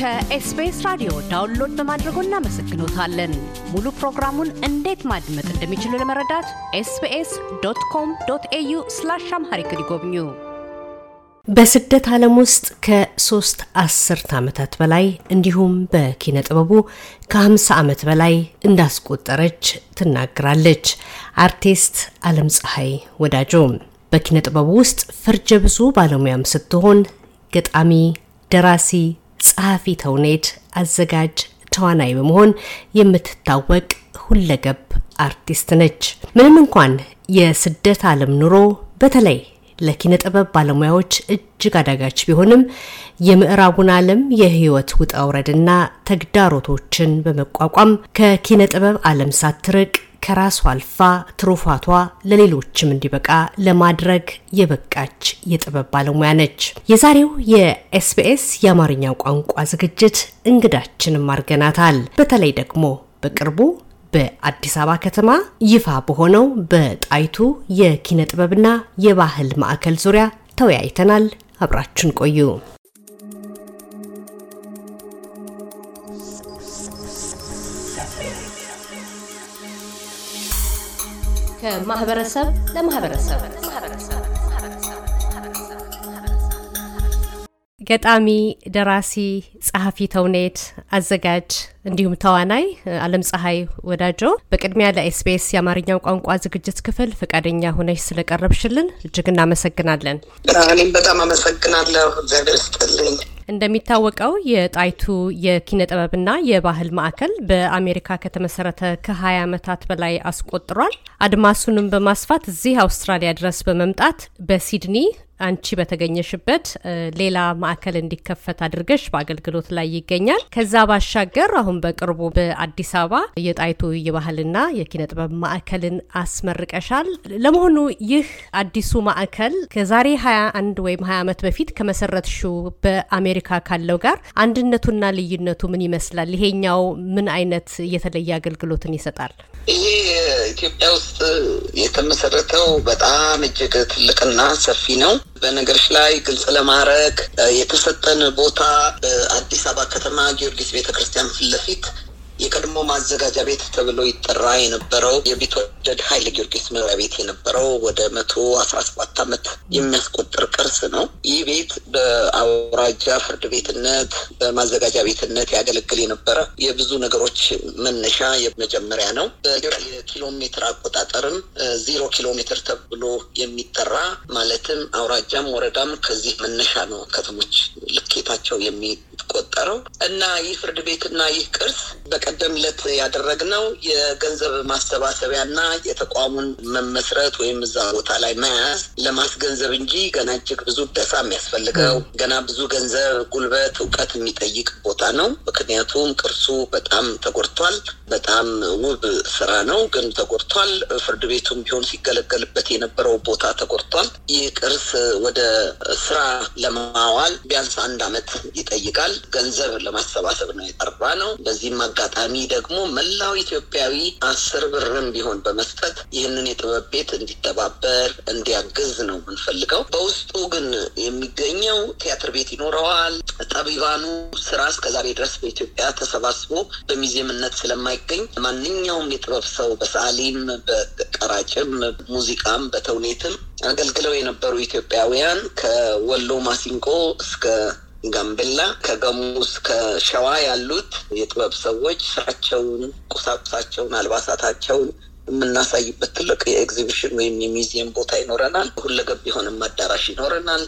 ከኤስቢኤስ ራዲዮ ዳውንሎድ በማድረጎ እናመሰግኖታለን። ሙሉ ፕሮግራሙን እንዴት ማድመጥ እንደሚችሉ ለመረዳት ኤስቢኤስ ዶት ኮም ዶት ኤዩ ስላሽ አምሃሪክ ይጎብኙ። በስደት ዓለም ውስጥ ከሶስት አስርት ዓመታት በላይ እንዲሁም በኪነ ጥበቡ ከ ዓመት በላይ እንዳስቆጠረች ትናገራለች አርቲስት አለም ፀሐይ ወዳጆ። በኪነ ጥበቡ ውስጥ ፈርጀ ብዙ ባለሙያም ስትሆን ገጣሚ፣ ደራሲ ጸሐፊ ተውኔት፣ አዘጋጅ፣ ተዋናይ በመሆን የምትታወቅ ሁለገብ አርቲስት ነች። ምንም እንኳን የስደት ዓለም ኑሮ በተለይ ለኪነ ጥበብ ባለሙያዎች እጅግ አዳጋች ቢሆንም የምዕራቡን ዓለም የህይወት ውጣ ውረድና ተግዳሮቶችን በመቋቋም ከኪነ ጥበብ ዓለም ሳትርቅ ከራሷ አልፋ ትሩፋቷ ለሌሎችም እንዲበቃ ለማድረግ የበቃች የጥበብ ባለሙያ ነች። የዛሬው የኤስቢኤስ የአማርኛ ቋንቋ ዝግጅት እንግዳችንም አድርገናታል። በተለይ ደግሞ በቅርቡ በአዲስ አበባ ከተማ ይፋ በሆነው በጣይቱ የኪነ ጥበብና የባህል ማዕከል ዙሪያ ተወያይተናል። አብራችን ቆዩ። ከማህበረሰብ ለማህበረሰብ ገጣሚ፣ ደራሲ፣ ጸሐፊ ተውኔት፣ አዘጋጅ እንዲሁም ተዋናይ አለም ፀሐይ ወዳጆ፣ በቅድሚያ ለኤስቢኤስ የአማርኛው ቋንቋ ዝግጅት ክፍል ፈቃደኛ ሆነች ስለቀረብሽልን እጅግ እናመሰግናለን። እኔም በጣም አመሰግናለሁ። እግዚአብሔር ይስጥልኝ። እንደሚታወቀው የጣይቱ የኪነ ጥበብና የባህል ማዕከል በአሜሪካ ከተመሰረተ ከ20 ዓመታት በላይ አስቆጥሯል። አድማሱንም በማስፋት እዚህ አውስትራሊያ ድረስ በመምጣት በሲድኒ አንቺ በተገኘሽበት ሌላ ማዕከል እንዲከፈት አድርገሽ በአገልግሎት ላይ ይገኛል። ከዛ ባሻገር አሁን በቅርቡ በአዲስ አበባ የጣይቱ የባህልና የኪነ ጥበብ ማዕከልን አስመርቀሻል። ለመሆኑ ይህ አዲሱ ማዕከል ከዛሬ 21 ወይም 20 ዓመት በፊት ከመሰረትሽው በአሜሪካ ካለው ጋር አንድነቱና ልዩነቱ ምን ይመስላል? ይሄኛው ምን አይነት የተለየ አገልግሎትን ይሰጣል? ይሄ ኢትዮጵያ ውስጥ የተመሰረተው በጣም እጅግ ትልቅና ሰፊ ነው። በነገሮች ላይ ግልጽ ለማድረግ የተሰጠን ቦታ በአዲስ አበባ ከተማ ጊዮርጊስ ቤተክርስቲያን ፊት ለፊት የቀድሞ ማዘጋጃ ቤት ተብሎ ይጠራ የነበረው የቢትወደድ ኃይለ ጊዮርጊስ መኖሪያ ቤት የነበረው ወደ መቶ አስራ ሰባት ዓመት የሚያስቆጥር ቅርስ ነው። ይህ ቤት በአውራጃ ፍርድ ቤትነት፣ በማዘጋጃ ቤትነት ያገለግል የነበረ የብዙ ነገሮች መነሻ የመጀመሪያ ነው። የኪሎ ሜትር አቆጣጠርም ዜሮ ኪሎ ሜትር ተብሎ የሚጠራ ማለትም አውራጃም ወረዳም ከዚህ መነሻ ነው ከተሞች ልኬታቸው የሚቆጠረው እና ይህ ፍርድ ቤትና ይህ ቅርስ ቀደም ለት ያደረግነው የገንዘብ ማሰባሰቢያ ና የተቋሙን መመስረት ወይም እዛ ቦታ ላይ መያዝ ለማስገንዘብ እንጂ ገና እጅግ ብዙ ደሳ የሚያስፈልገው ገና ብዙ ገንዘብ፣ ጉልበት፣ እውቀት የሚጠይቅ ቦታ ነው። ምክንያቱም ቅርሱ በጣም ተጎድቷል። በጣም ውብ ስራ ነው፣ ግን ተጎድቷል። ፍርድ ቤቱም ቢሆን ሲገለገልበት የነበረው ቦታ ተጎድቷል። ይህ ቅርስ ወደ ስራ ለማዋል ቢያንስ አንድ አመት ይጠይቃል። ገንዘብ ለማሰባሰብ ነው የጠርባ ነው። በዚህም አጋጣሚ አጋጣሚ ደግሞ መላው ኢትዮጵያዊ አስር ብርም ቢሆን በመስጠት ይህንን የጥበብ ቤት እንዲተባበር እንዲያግዝ ነው የምንፈልገው። በውስጡ ግን የሚገኘው ቲያትር ቤት ይኖረዋል። ጠቢባኑ ስራ እስከዛሬ ድረስ በኢትዮጵያ ተሰባስቦ በሚዚየምነት ስለማይገኝ ማንኛውም የጥበብ ሰው በሰዓሊም፣ በቀራጭም፣ ሙዚቃም፣ በተውኔትም አገልግለው የነበሩ ኢትዮጵያውያን ከወሎ ማሲንቆ እስከ ጋምቤላ ከገሙ እስከ ሸዋ ያሉት የጥበብ ሰዎች ስራቸውን፣ ቁሳቁሳቸውን፣ አልባሳታቸውን የምናሳይበት ትልቅ የኤግዚቢሽን ወይም የሚዚየም ቦታ ይኖረናል። ሁለገብ የሆነም አዳራሽ ይኖረናል።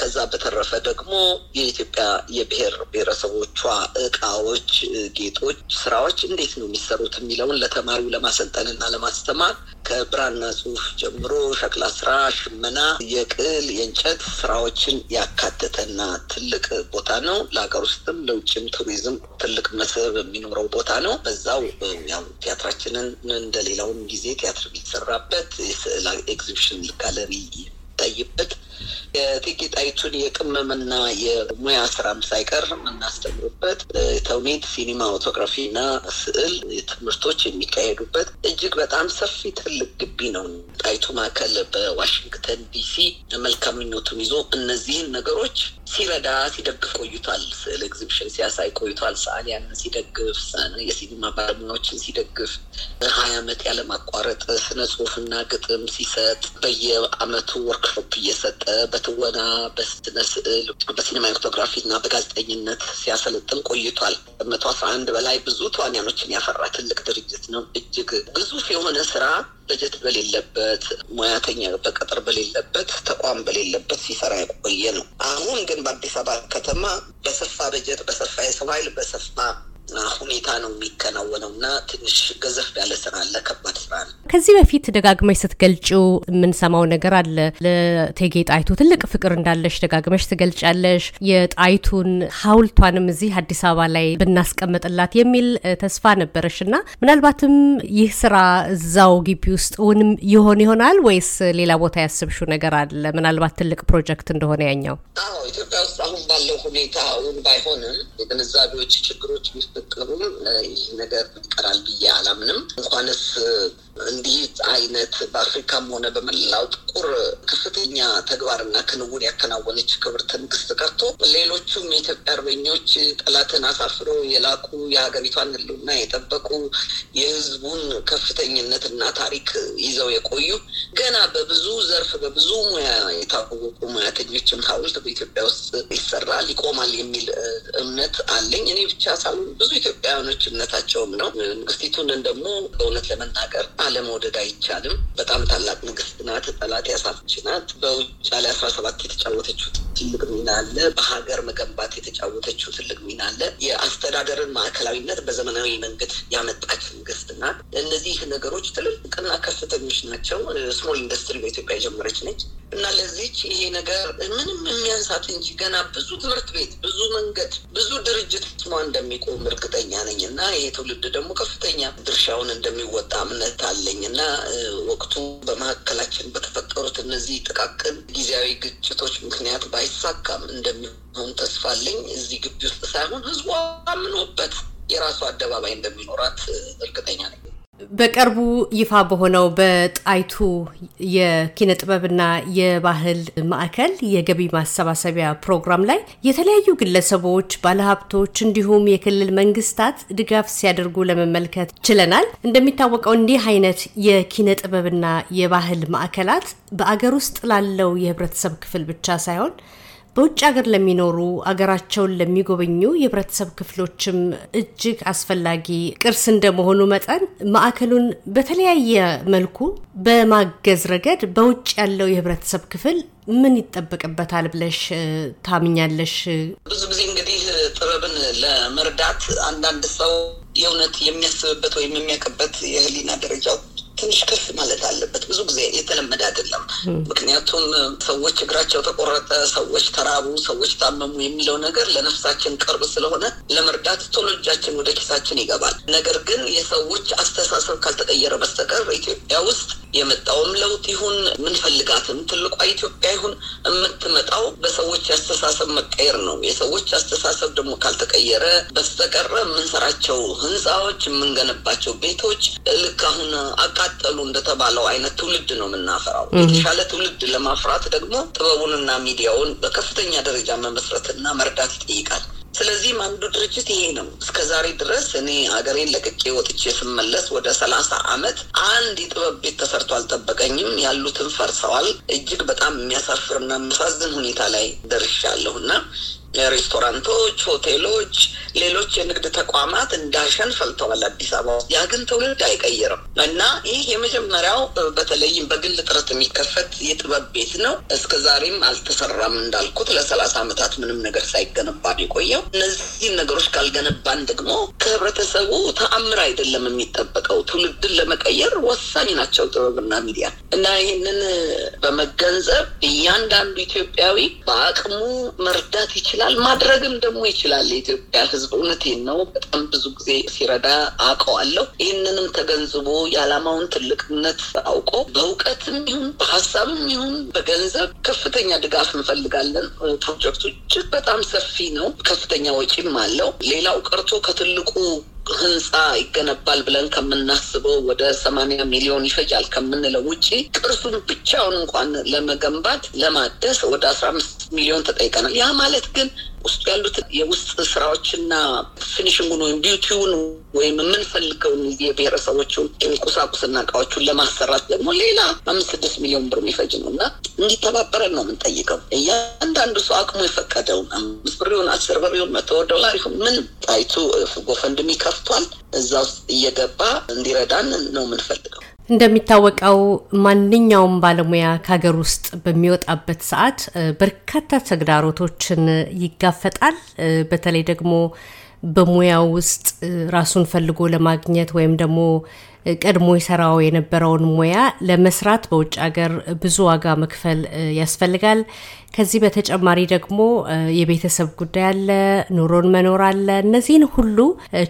ከዛ በተረፈ ደግሞ የኢትዮጵያ የብሔር ብሔረሰቦቿ እቃዎች፣ ጌጦች፣ ስራዎች እንዴት ነው የሚሰሩት የሚለውን ለተማሪው ለማሰልጠን እና ለማስተማር ከብራና ጽሁፍ ጀምሮ ሸክላ ስራ፣ ሽመና፣ የቅል የእንጨት ስራዎችን ያካተተና ትልቅ ቦታ ነው። ለሀገር ውስጥም ለውጭም ቱሪዝም ትልቅ መስህብ የሚኖረው ቦታ ነው። በዛው ያው ቲያትራችንን እንደሌላውም ጊዜ ቲያትር የሚሰራበት የስዕል ኤግዚቢሽን ጋለሪ ይታይበት የእቴጌ ጣይቱን የቅመምና የሙያ ስራም ሳይቀር የምናስተምርበት ተውኔት፣ ሲኒማ፣ ኦቶግራፊ እና ስዕል ትምህርቶች የሚካሄዱበት እጅግ በጣም ሰፊ ትልቅ ግቢ ነው። ጣይቱ ማዕከል በዋሽንግተን ዲሲ መልካም ምኞቱን ይዞ እነዚህን ነገሮች ሲረዳ ሲደግፍ ቆይቷል። ስዕል ኤግዚቢሽን ሲያሳይ ቆይቷል። ሰዓሊያንን ሲደግፍ፣ የሲኒማ ባለሙያዎችን ሲደግፍ ሀያ አመት ያለማቋረጥ ስነ ጽሁፍና ግጥም ሲሰጥ፣ በየአመቱ ወርክሾፕ እየሰጠ በትወና በስነ ስዕል በሲኒማቶግራፊና በጋዜጠኝነት ሲያሰለጥን ቆይቷል። መቶ አስራ አንድ በላይ ብዙ ተዋንያኖችን ያፈራ ትልቅ ድርጅት ነው። እጅግ ግዙፍ የሆነ ስራ በጀት በሌለበት ሙያተኛ በቀጠር በሌለበት ተቋም በሌለበት ሲሰራ የቆየ ነው። አሁን ግን በአዲስ አበባ ከተማ በሰፋ በጀት፣ በሰፋ የሰው ኃይል፣ በሰፋ ሁኔታ ነው የሚከናወነው እና ትንሽ ገዘፍ ያለ ስራ አለ፣ ከባድ ስራ ነው። ከዚህ በፊት ደጋግመሽ ስትገልጪው የምንሰማው ነገር አለ። ለእቴጌ ጣይቱ ትልቅ ፍቅር እንዳለሽ ደጋግመሽ ትገልጫለሽ። የጣይቱን ሐውልቷንም እዚህ አዲስ አበባ ላይ ብናስቀምጥላት የሚል ተስፋ ነበረሽ እና ምናልባትም ይህ ስራ እዛው ግቢ ውስጥ ውንም ይሆን ይሆናል ወይስ ሌላ ቦታ ያስብሽው ነገር አለ? ምናልባት ትልቅ ፕሮጀክት እንደሆነ ያኛው ኢትዮጵያ ውስጥ አሁን ባለው ሁኔታ እውን ባይሆንም የግንዛቤዎች ችግሮች ብቅሉም ይህ ነገር ይቀራል ብዬ አላምንም። እንኳንስ እንዲህ አይነት በአፍሪካም ሆነ በመላው ጥቁር ከፍተኛ ተግባርና ክንውን ያከናወነች ክብርት መንግስት ቀርቶ ሌሎቹም የኢትዮጵያ አርበኞች ጠላትን አሳፍሮ የላኩ የሀገሪቷን ሕልውና የጠበቁ የህዝቡን ከፍተኝነትና ታሪክ ይዘው የቆዩ ገና በብዙ ዘርፍ በብዙ ሙያ የታወቁ ሙያተኞችም ሀውልት በኢትዮጵያ ውስጥ ይሰራል ይቆማል የሚል እምነት አለኝ። እኔ ብቻ ሳሉ ብዙ ኢትዮጵያውያኖች እምነታቸውም ነው። ንግስቲቱን ደግሞ በእውነት ለመናገር አለመውደድ አይቻልም። በጣም ታላቅ ንግስት ናት። ጠላት ያሳፍች ናት። በውጫ ላይ አስራ ሰባት የተጫወተችው ትልቅ ሚና አለ። በሀገር መገንባት የተጫወተችው ትልቅ ሚና አለ። የአስተዳደርን ማዕከላዊነት በዘመናዊ መንገድ ያመጣች መንግስት ናት። እነዚህ ነገሮች ትልልቅና ከፍተኞች ናቸው። ስሞል ኢንዱስትሪ በኢትዮጵያ የጀመረች ነች እና ለዚች ይሄ ነገር ምንም የሚያንሳት እንጂ ገና ብዙ ትምህርት ቤት፣ ብዙ መንገድ፣ ብዙ ድርጅት ስሟ እንደሚቆም እርግጠኛ ነኝ እና ይሄ ትውልድ ደግሞ ከፍተኛ ድርሻውን እንደሚወጣ እምነት አለኝ እና ወቅቱ በመካከላችን በተፈጠሩት እነዚህ ጥቃቅን ጊዜያዊ ግጭቶች ምክንያት ባይ አይሳካም እንደሚሆን ተስፋ አለኝ። እዚህ ግቢ ውስጥ ሳይሆን ህዝቡ አምኖበት የራሱ አደባባይ እንደሚኖራት እርግጠኛ ነኝ። በቅርቡ ይፋ በሆነው በጣይቱ የኪነ ጥበብና የባህል ማዕከል የገቢ ማሰባሰቢያ ፕሮግራም ላይ የተለያዩ ግለሰቦች፣ ባለሀብቶች እንዲሁም የክልል መንግስታት ድጋፍ ሲያደርጉ ለመመልከት ችለናል። እንደሚታወቀው እንዲህ አይነት የኪነ ጥበብና የባህል ማዕከላት በአገር ውስጥ ላለው የህብረተሰብ ክፍል ብቻ ሳይሆን በውጭ ሀገር ለሚኖሩ አገራቸውን ለሚጎበኙ የህብረተሰብ ክፍሎችም እጅግ አስፈላጊ ቅርስ እንደመሆኑ መጠን ማዕከሉን በተለያየ መልኩ በማገዝ ረገድ በውጭ ያለው የህብረተሰብ ክፍል ምን ይጠበቅበታል ብለሽ ታምኛለሽ? ብዙ ጊዜ እንግዲህ ጥበብን ለመርዳት አንዳንድ ሰው የእውነት የሚያስብበት ወይም የሚያውቅበት የህሊና ደረጃው ትንሽ ከፍ ማለት አለበት። ብዙ ጊዜ የተለመደ አይደለም። ምክንያቱም ሰዎች እግራቸው ተቆረጠ፣ ሰዎች ተራቡ፣ ሰዎች ታመሙ የሚለው ነገር ለነፍሳችን ቅርብ ስለሆነ ለመርዳት ቶሎ እጃችን ወደ ኪሳችን ይገባል። ነገር ግን የሰዎች አስተሳሰብ ካልተቀየረ በስተቀር ኢትዮጵያ ውስጥ የመጣውም ለውጥ ይሁን ምንፈልጋትም ትልቋ ኢትዮጵያ ይሁን የምትመጣው በሰዎች አስተሳሰብ መቀየር ነው። የሰዎች አስተሳሰብ ደግሞ ካልተቀየረ በስተቀረ የምንሰራቸው ህንፃዎች፣ የምንገነባቸው ቤቶች ልክ አሁን አቃ ቀጠሉ እንደተባለው አይነት ትውልድ ነው የምናፈራው። የተሻለ ትውልድ ለማፍራት ደግሞ ጥበቡንና ሚዲያውን በከፍተኛ ደረጃ መመስረትና መርዳት ይጠይቃል። ስለዚህም አንዱ ድርጅት ይሄ ነው። እስከ ዛሬ ድረስ እኔ አገሬን ለቅቄ ወጥቼ ስመለስ ወደ ሰላሳ አመት አንድ የጥበብ ቤት ተሰርቶ አልጠበቀኝም። ያሉትን ፈርሰዋል። እጅግ በጣም የሚያሳፍርና የሚያሳዝን ሁኔታ ላይ ደርሻለሁ እና ሬስቶራንቶች፣ ሆቴሎች፣ ሌሎች የንግድ ተቋማት እንዳሸን ፈልተዋል አዲስ አበባ ውስጥ። ያ ግን ትውልድ አይቀይርም እና ይህ የመጀመሪያው በተለይም በግል ጥረት የሚከፈት የጥበብ ቤት ነው። እስከ ዛሬም አልተሰራም እንዳልኩት ለሰላሳ ዓመታት ምንም ነገር ሳይገነባ የቆየው። እነዚህን ነገሮች ካልገነባን ደግሞ ከህብረተሰቡ ተአምር አይደለም የሚጠበቀው። ትውልድን ለመቀየር ወሳኝ ናቸው ጥበብና ሚዲያ እና ይህንን በመገንዘብ እያንዳንዱ ኢትዮጵያዊ በአቅሙ መርዳት ይችላል ይችላል፣ ማድረግም ደግሞ ይችላል። የኢትዮጵያ ሕዝብ እውነቴን ነው በጣም ብዙ ጊዜ ሲረዳ አውቀዋለሁ። ይህንንም ተገንዝቦ የዓላማውን ትልቅነት አውቆ በእውቀትም ይሁን በሀሳብም ይሁን በገንዘብ ከፍተኛ ድጋፍ እንፈልጋለን። ፕሮጀክቱ እጅግ በጣም ሰፊ ነው፣ ከፍተኛ ወጪም አለው። ሌላው ቀርቶ ከትልቁ ህንፃ ይገነባል ብለን ከምናስበው ወደ ሰማኒያ ሚሊዮን ይፈጃል ከምንለው ውጭ ቅርሱን ብቻውን እንኳን ለመገንባት ለማደስ ወደ አስራ አምስት ሚሊዮን ተጠይቀናል። ያ ማለት ግን ውስጡ ያሉት የውስጥ ስራዎችና ፊኒሽንጉን ወይም ቢዩቲውን ወይም የምንፈልገውን የብሔረሰቦቹን ቁሳቁስና እቃዎቹን ለማሰራት ደግሞ ሌላ አምስት ስድስት ሚሊዮን ብር የሚፈጅ ነው እና እንዲተባበረን ነው የምንጠይቀው። እያንዳንዱ ሰው አቅሙ የፈቀደውን አምስት ብር ይሁን አስር ብር ይሁን መቶ ዶላር ይሁን ምን ጣይቱ ጎፈንድሚ ከፍቷል። እዛ ውስጥ እየገባ እንዲረዳን ነው የምንፈልገው። እንደሚታወቀው ማንኛውም ባለሙያ ከሀገር ውስጥ በሚወጣበት ሰዓት በርካታ ተግዳሮቶችን ይጋፈጣል። በተለይ ደግሞ በሙያው ውስጥ ራሱን ፈልጎ ለማግኘት ወይም ደግሞ ቀድሞ የሰራው የነበረውን ሙያ ለመስራት በውጭ ሀገር ብዙ ዋጋ መክፈል ያስፈልጋል። ከዚህ በተጨማሪ ደግሞ የቤተሰብ ጉዳይ አለ፣ ኑሮን መኖር አለ። እነዚህን ሁሉ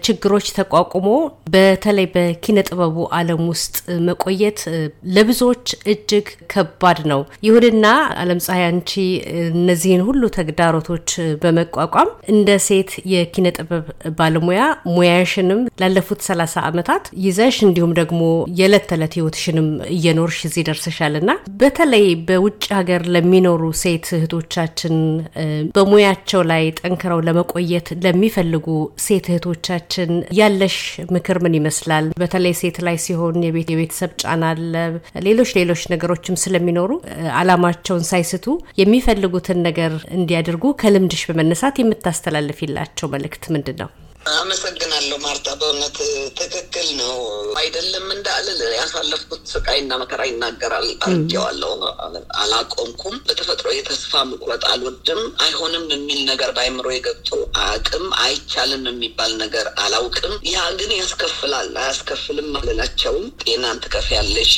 ችግሮች ተቋቁሞ በተለይ በኪነ ጥበቡ ዓለም ውስጥ መቆየት ለብዙዎች እጅግ ከባድ ነው። ይሁንና ዓለም ፀሐይ አንቺ እነዚህን ሁሉ ተግዳሮቶች በመቋቋም እንደ ሴት የኪነ ጥበብ ባለሙያ ሙያሽንም ላለፉት ሰላሳ ዓመታት ይዘሽ እንዲሁም ደግሞ የዕለት ተዕለት ህይወትሽንም እየኖርሽ እዚህ ደርሰሻልና በተለይ በውጭ ሀገር ለሚኖሩ ሴት እህቶቻችን በሙያቸው ላይ ጠንክረው ለመቆየት ለሚፈልጉ ሴት እህቶቻችን ያለሽ ምክር ምን ይመስላል? በተለይ ሴት ላይ ሲሆን የቤተሰብ ጫና አለ፣ ሌሎች ሌሎች ነገሮችም ስለሚኖሩ አላማቸውን ሳይስቱ የሚፈልጉትን ነገር እንዲያደርጉ ከልምድሽ በመነሳት የምታስተላልፊላቸው መልእክት ምንድን ነው? አመሰግናለሁ ማርታ፣ በእውነት ትክክል ነው። አይደለም እንዳልል ያሳለፍኩት ስቃይና መከራ ይናገራል። አርጌዋለሁ፣ አላቆምኩም። በተፈጥሮ የተስፋ መቁረጥ አልወድም። አይሆንም የሚል ነገር በአይምሮ የገብቶ አቅም አይቻልም የሚባል ነገር አላውቅም። ያ ግን ያስከፍላል። አያስከፍልም አልላቸውም። ጤናን ትከፍያለሽ፣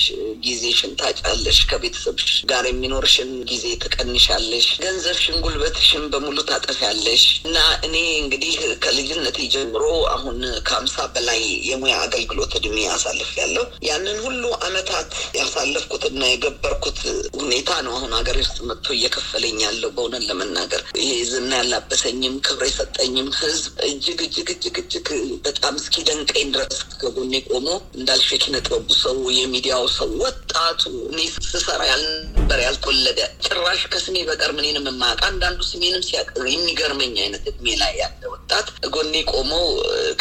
ጊዜሽን ታጫለሽ፣ ከቤተሰብሽ ጋር የሚኖርሽን ጊዜ ትቀንሻለሽ፣ ገንዘብሽን፣ ጉልበትሽን በሙሉ ታጠፊያለሽ እና እኔ እንግዲህ ከልጅነት ጀምሮ አሁን ከአምሳ በላይ የሙያ አገልግሎት እድሜ ያሳልፍ ያለው ያንን ሁሉ አመታት ያሳለፍኩትና የገበርኩት ሁኔታ ነው። አሁን ሀገር ውስጥ መጥቶ እየከፈለኝ ያለው በእውነት ለመናገር ይሄ ዝና ያላበሰኝም ክብር የሰጠኝም ህዝብ እጅግ እጅግ እጅግ እጅግ በጣም ደንቀኝ ድረስ ከጎኔ ቆሞ እንዳልሽ ሰው፣ የሚዲያው ሰው፣ ወጣቱ እኔ ስሰራ ያል ነበር ያልተወለደ ጭራሽ ከስሜ በቀር ምኔንም የማያውቅ አንዳንዱ ስሜንም ሲያቅ የሚገርመኝ አይነት እድሜ ላይ ያለ ወጣት ጎኔ ቆመው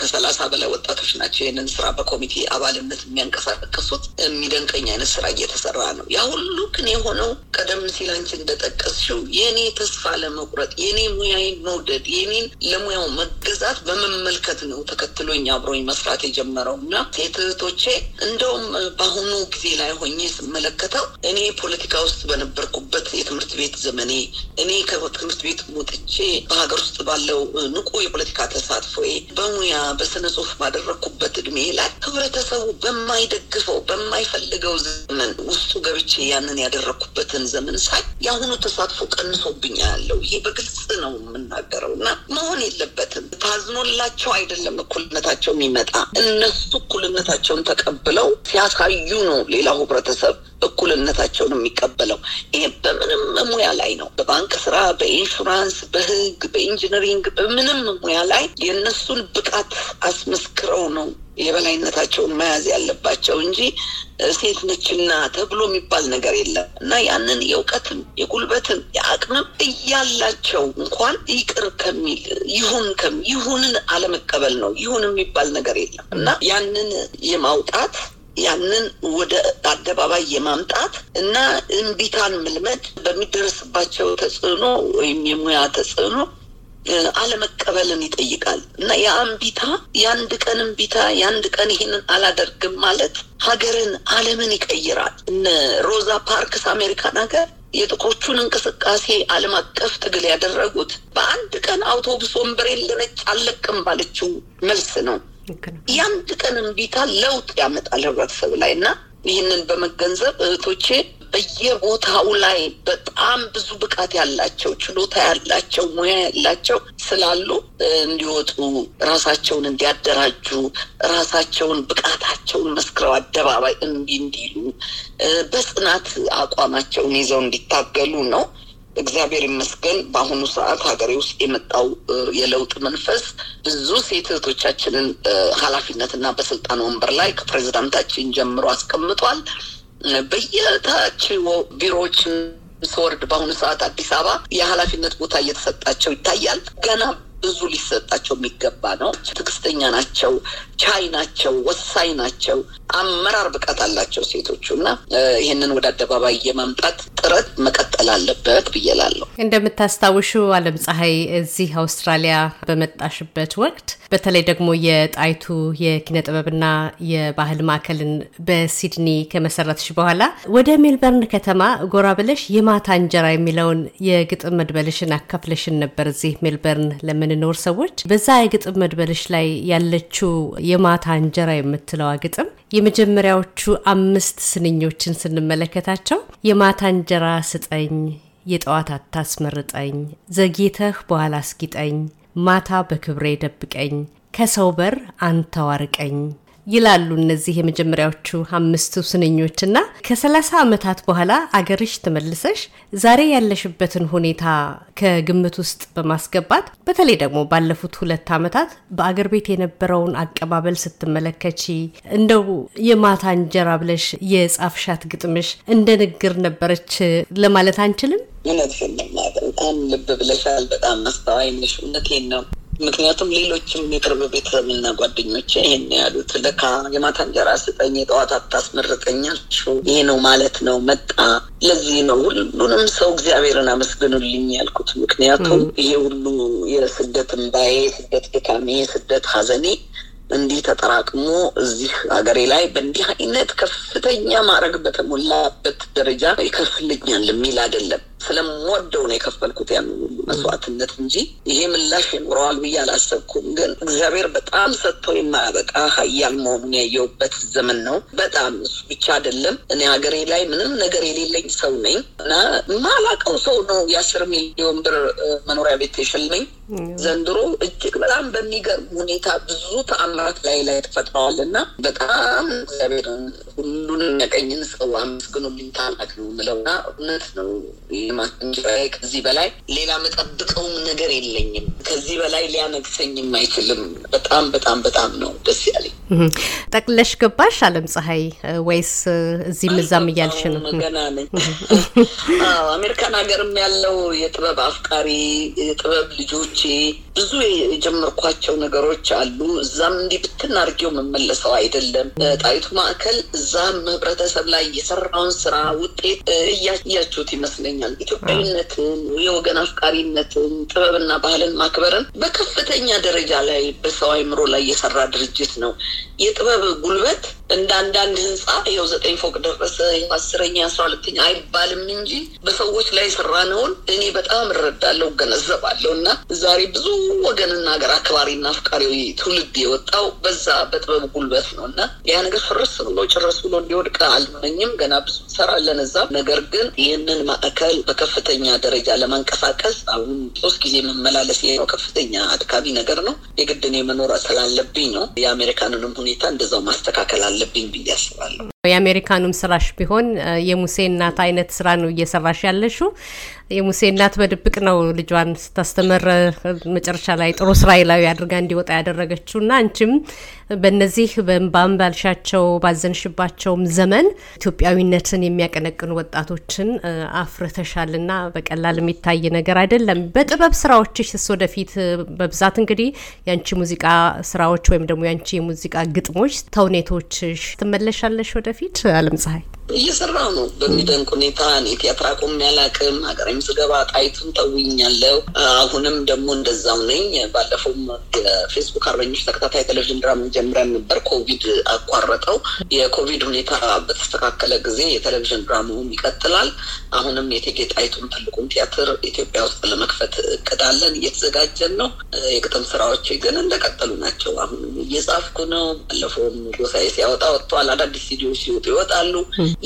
ከሰላሳ በላይ ወጣቶች ናቸው ይህንን ስራ በኮሚቴ አባልነት የሚያንቀሳቀሱት። የሚደንቀኝ አይነት ስራ እየተሰራ ነው። ያ ሁሉ ግን የሆነው ቀደም ሲል አንቺ እንደጠቀስሽው የእኔ ተስፋ ለመቁረጥ የእኔ ሙያዬን መውደድ የኔን ለሙያው መገዛት በመመልከት ነው ተከትሎኝ አብሮኝ መስራት የጀመረው እና ሴት እህቶቼ እንደውም በአሁኑ ጊዜ ላይ ሆኜ ስመለከተው እኔ ፖለቲካ ውስጥ በነበርኩበት የትምህርት ቤት ዘመኔ እኔ ከትምህርት ቤት ሞጥቼ በሀገር ውስጥ ባለው ንቁ የፖለቲካ ተሳትፎዬ በሙያ በስነ ጽሁፍ ባደረግኩበት እድሜ ላይ ህብረተሰቡ በማይደግፈው በማይፈልገው ዘመን ውስጡ ገብቼ ያንን ያደረግኩበትን ዘመን ሳይ የአሁኑ ተሳትፎ ቀንሶብኛ ያለው ይሄ በግልጽ ነው የምናገረው እና መሆን የለበትም። ታዝኖላቸው አይደለም እኩልነታቸው የሚመጣ እነሱ እኩልነታቸውን ተቀብለው ሲያሳዩ ነው ሌላው ህብረተሰብ እኩልነታቸውን የሚቀበል የምንቀበለው። ይሄ በምንም ሙያ ላይ ነው፣ በባንክ ስራ፣ በኢንሹራንስ፣ በህግ፣ በኢንጂነሪንግ፣ በምንም ሙያ ላይ የእነሱን ብቃት አስመስክረው ነው የበላይነታቸውን መያዝ ያለባቸው እንጂ ሴት ነችና ተብሎ የሚባል ነገር የለም እና ያንን የእውቀትም የጉልበትም የአቅምም እያላቸው እንኳን ይቅር ከሚል ይሁን ይሁንን አለመቀበል ነው። ይሁን የሚባል ነገር የለም እና ያንን የማውጣት ያንን ወደ አደባባይ የማምጣት እና እምቢታን መልመድ በሚደርስባቸው ተጽዕኖ ወይም የሙያ ተጽዕኖ አለመቀበልን ይጠይቃል እና የአንቢታ የአንድ ቀን እንቢታ የአንድ ቀን ይህንን አላደርግም ማለት ሀገርን አለምን ይቀይራል። እነ ሮዛ ፓርክስ አሜሪካን ሀገር የጥቆቹን እንቅስቃሴ አለም አቀፍ ትግል ያደረጉት በአንድ ቀን አውቶቡስ ወንበር የለነች አለቅም ባለችው መልስ ነው። የአንድ ቀን እንቢታ ለውጥ ያመጣል ህብረተሰብ ላይ እና ይህንን በመገንዘብ እህቶቼ በየቦታው ላይ በጣም ብዙ ብቃት ያላቸው ችሎታ ያላቸው ሙያ ያላቸው ስላሉ እንዲወጡ ራሳቸውን እንዲያደራጁ ራሳቸውን ብቃታቸውን መስክረው አደባባይ እንዲ እንዲሉ በጽናት አቋማቸውን ይዘው እንዲታገሉ ነው። እግዚአብሔር ይመስገን በአሁኑ ሰዓት ሀገሬ ውስጥ የመጣው የለውጥ መንፈስ ብዙ ሴት እህቶቻችንን ሀላፊነትና በስልጣን ወንበር ላይ ከፕሬዚዳንታችን ጀምሮ አስቀምጧል። በየታችዎ ቢሮዎችን ስወርድ በአሁኑ ሰዓት አዲስ አበባ የኃላፊነት ቦታ እየተሰጣቸው ይታያል። ገና ብዙ ሊሰጣቸው የሚገባ ነው። ትዕግስተኛ ናቸው፣ ቻይ ናቸው፣ ወሳኝ ናቸው፣ አመራር ብቃት አላቸው ሴቶቹ እና ይህንን ወደ አደባባይ የማምጣት ጥረት መቀጠል አለበት ብዬላለሁ። እንደምታስታውሹ አለም ፀሐይ እዚህ አውስትራሊያ በመጣሽበት ወቅት በተለይ ደግሞ የጣይቱ የኪነ ጥበብና የባህል ማዕከልን በሲድኒ ከመሰረትሽ በኋላ ወደ ሜልበርን ከተማ ጎራ ብለሽ የማታ እንጀራ የሚለውን የግጥም መድበልሽን አካፍለሽን ነበር እዚህ ሜልበርን ለምን የምንኖር ሰዎች በዛ የግጥም መድበልሽ ላይ ያለችው የማታ እንጀራ የምትለዋ ግጥም የመጀመሪያዎቹ አምስት ስንኞችን ስንመለከታቸው የማታ እንጀራ ስጠኝ፣ የጠዋት አታስመርጠኝ፣ ዘግይተህ በኋላ አስጊጠኝ፣ ማታ በክብሬ ደብቀኝ፣ ከሰው በር አንተዋርቀኝ ይላሉ እነዚህ የመጀመሪያዎቹ አምስቱ ስንኞችና ከሰላሳ ዓመታት በኋላ አገርሽ ተመልሰሽ ዛሬ ያለሽበትን ሁኔታ ከግምት ውስጥ በማስገባት በተለይ ደግሞ ባለፉት ሁለት ዓመታት በአገር ቤት የነበረውን አቀባበል ስትመለከቺ እንደው የማታ እንጀራ ብለሽ የጻፍሻት ግጥምሽ እንደ ንግር ነበረች ለማለት አንችልም? እውነት ልብ ብለሻል። በጣም አስተዋይ ነሽ። እውነቴን ነው። ምክንያቱም ሌሎችም የቅርብ ቤተሰብና ጓደኞች ይሄን ያሉት ለካ የማታ እንጀራ ስጠኝ የጠዋት አታስመርጠኛችሁ ይሄ ነው ማለት ነው መጣ። ለዚህ ነው ሁሉንም ሰው እግዚአብሔርን አመስግኑልኝ ያልኩት። ምክንያቱም ይሄ ሁሉ የስደት እምባዬ፣ የስደት ድካሜ፣ የስደት ሀዘኔ እንዲህ ተጠራቅሞ እዚህ ሀገሬ ላይ በእንዲህ አይነት ከፍተኛ ማድረግ በተሞላበት ደረጃ ይከፍልኛል የሚል አይደለም። ስለምወደው ነው የከፈልኩት ያን መስዋዕትነት እንጂ ይሄ ምላሽ ይኖረዋል ብዬ አላሰብኩም። ግን እግዚአብሔር በጣም ሰጥቶ የማያበቃ ሀያል መሆኑን ያየውበት ዘመን ነው። በጣም እሱ ብቻ አይደለም። እኔ ሀገሬ ላይ ምንም ነገር የሌለኝ ሰው ነኝ እና ማላቀው ሰው ነው የአስር ሚሊዮን ብር መኖሪያ ቤት የሸልመኝ ዘንድሮ እጅግ በጣም በሚገርም ሁኔታ ብዙ ተአምራት ላይ ላይ ተፈጥረዋል እና በጣም እግዚአብሔር ሁሉን ያቀኝን ሰው አመስግኑልኝ ታላቅ ነው የምለውና እውነት ነው ሽልማት ከዚህ በላይ ሌላ መጠብቀውም ነገር የለኝም። ከዚህ በላይ ሊያነግሰኝም አይችልም። በጣም በጣም በጣም ነው ደስ ያለኝ። ጠቅለሽ ገባሽ አለም ፀሐይ ወይስ እዚህ ምዛም እያልሽ ነው? ገና ነኝ። አሜሪካን ሀገርም ያለው የጥበብ አፍቃሪ የጥበብ ልጆቼ ብዙ የጀመርኳቸው ነገሮች አሉ። እዛም እንዲህ ብትን አድርጌው መመለሰው አይደለም። ጣይቱ ማዕከል እዛም ህብረተሰብ ላይ የሰራውን ስራ ውጤት እያያችሁት ይመስለኛል። ኢትዮጵያዊነትን፣ የወገን አፍቃሪነትን፣ ጥበብና ባህልን ማክበርን በከፍተኛ ደረጃ ላይ በሰው አይምሮ ላይ የሰራ ድርጅት ነው። የጥበብ ጉልበት እንደ አንዳንድ ህንፃ ይኸው ዘጠኝ ፎቅ ደረሰ አስረኛ አስራ ሁለተኛ አይባልም እንጂ በሰዎች ላይ ስራ ነውን እኔ በጣም እረዳለሁ፣ እገነዘባለሁ። እና ዛሬ ብዙ ወገንና ሀገር አክባሪና አፍቃሪዊ ትውልድ የወጣው በዛ በጥበብ ጉልበት ነው እና ያ ነገር ፍርስ ብሎ ጭረስ ብሎ እንዲወድቅ አልመኝም። ገና ብዙ ሰራለን እዛ። ነገር ግን ይህንን ማዕከል በከፍተኛ ደረጃ ለማንቀሳቀስ አሁን ሶስት ጊዜ መመላለስ ነው ከፍተኛ አድካሚ ነገር ነው። የግድን የመኖር ስላለብኝ ነው። የአሜሪካንንም ሁኔታ እንደዛው ማስተካከል አለ አለብኝ ብዬ አስባለሁ። የአሜሪካኑም ስራሽ ቢሆን የሙሴ እናት አይነት ስራ ነው እየሰራሽ ያለሹ። የሙሴ እናት በድብቅ ነው ልጇን ስታስተምር መጨረሻ ላይ ጥሩ ይላዊ አድርጋ እንዲወጣ ያደረገችው እና አንቺም በእነዚህ በእንባም ባልሻቸው ባዘንሽባቸውም ዘመን ኢትዮጵያዊነትን የሚያቀነቅኑ ወጣቶችን አፍርተሻል እና በቀላል የሚታይ ነገር አይደለም። በጥበብ ስራዎችሽስ ወደፊት በብዛት እንግዲህ የአንቺ ሙዚቃ ስራዎች ወይም ደግሞ የአንቺ የሙዚቃ ግጥሞች ተውኔቶችሽ ትመለሻለሽ ወደ في العالم صحيح እየሰራው ነው በሚደንቅ ሁኔታ። እኔ ቲያትር አቆሜ አላውቅም። ሀገራዊ ስገባ ጣይቱን ተውኛለሁ። አሁንም ደግሞ እንደዛው ነኝ። ባለፈውም የፌስቡክ አርበኞች ተከታታይ ቴሌቪዥን ድራማ ጀምረን ነበር። ኮቪድ አቋረጠው። የኮቪድ ሁኔታ በተስተካከለ ጊዜ የቴሌቪዥን ድራማውም ይቀጥላል። አሁንም የቴጌ ጣይቱን ትልቁን ቲያትር ኢትዮጵያ ውስጥ ለመክፈት እቅዳለን፣ እየተዘጋጀን ነው። የቅጥም ስራዎች ግን እንደቀጠሉ ናቸው። አሁንም እየጻፍኩ ነው። ባለፈውም ጎሳዬ ሲያወጣ ወጥቷል። አዳዲስ ሲዲዮ ሲወጡ ይወጣሉ።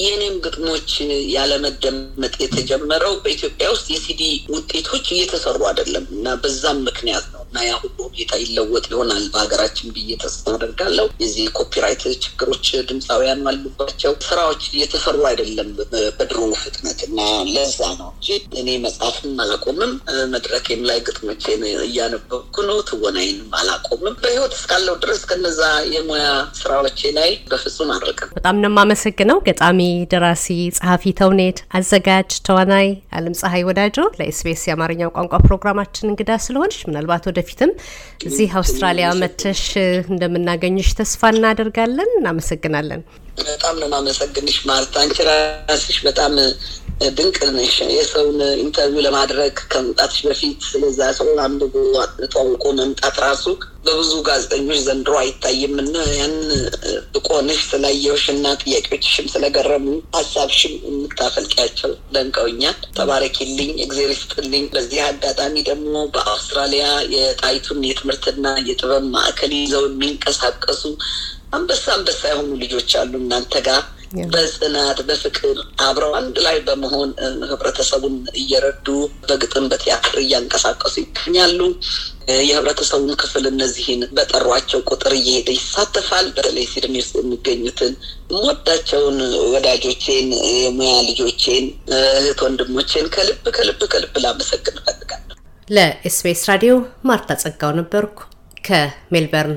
የእኔም ግጥሞች ያለመደመጥ የተጀመረው በኢትዮጵያ ውስጥ የሲዲ ውጤቶች እየተሰሩ አይደለም እና በዛም ምክንያት እና ያ ሁሉ ሁኔታ ይለወጥ ይሆናል በሀገራችን ብዬ ተስፋ አደርጋለሁ። የዚህ ኮፒራይት ችግሮች ድምፃውያን አሉባቸው። ስራዎች እየተሰሩ አይደለም በድሮ ፍጥነት እና ለዛ ነው እንጂ እኔ መጽሐፍም አላቆምም፣ መድረኬም ላይ ግጥሞቼን እያነበብኩ ነው። ትወናይንም አላቆምም። በህይወት እስካለው ድረስ ከነዛ የሙያ ስራዎቼ ላይ በፍጹም አድርቅም። በጣም ነው የማመሰግነው። ገጣሚ፣ ደራሲ፣ ጸሐፊ ተውኔት፣ አዘጋጅ ተዋናይ አለም ፀሐይ ወዳጆ ለኤስቢኤስ የአማርኛው ቋንቋ ፕሮግራማችን እንግዳ ስለሆንሽ ምናልባት ወደፊትም እዚህ አውስትራሊያ መተሽ እንደምናገኝሽ ተስፋ እናደርጋለን። እናመሰግናለን። በጣም ነው ማመሰግንሽ ማርታ። አንቺ ራስሽ በጣም ድንቅ ነሽ። የሰውን ኢንተርቪው ለማድረግ ከመምጣትሽ በፊት ስለዛ ሰው አንብቦ ጠውቆ መምጣት ራሱ በብዙ ጋዜጠኞች ዘንድሮ አይታይም እና ያን ብቆንሽ ስላየሁሽ እና ጥያቄዎችሽም ስለገረሙ ሀሳብሽም የምታፈልቂያቸው ደንቀውኛል። ተባረኪልኝ፣ እግዜር በዚህ አጋጣሚ ደግሞ በአውስትራሊያ የጣይቱን የትምህርትና የጥበብ ማዕከል ይዘው የሚንቀሳቀሱ አንበሳ አንበሳ የሆኑ ልጆች አሉ እናንተ ጋር በጽናት በፍቅር አብረው አንድ ላይ በመሆን ህብረተሰቡን እየረዱ በግጥም በቲያትር እያንቀሳቀሱ ይገኛሉ። የህብረተሰቡን ክፍል እነዚህን በጠሯቸው ቁጥር እየሄደ ይሳተፋል። በተለይ ሲድኒ ውስጥ የሚገኙትን ወዳቸውን ወዳጆቼን፣ የሙያ ልጆቼን፣ እህት ወንድሞቼን ከልብ ከልብ ከልብ ላመሰግን ፈልጋል ለኤስቤስ ራዲዮ ማርታ ጸጋው ነበርኩ ከሜልበርን።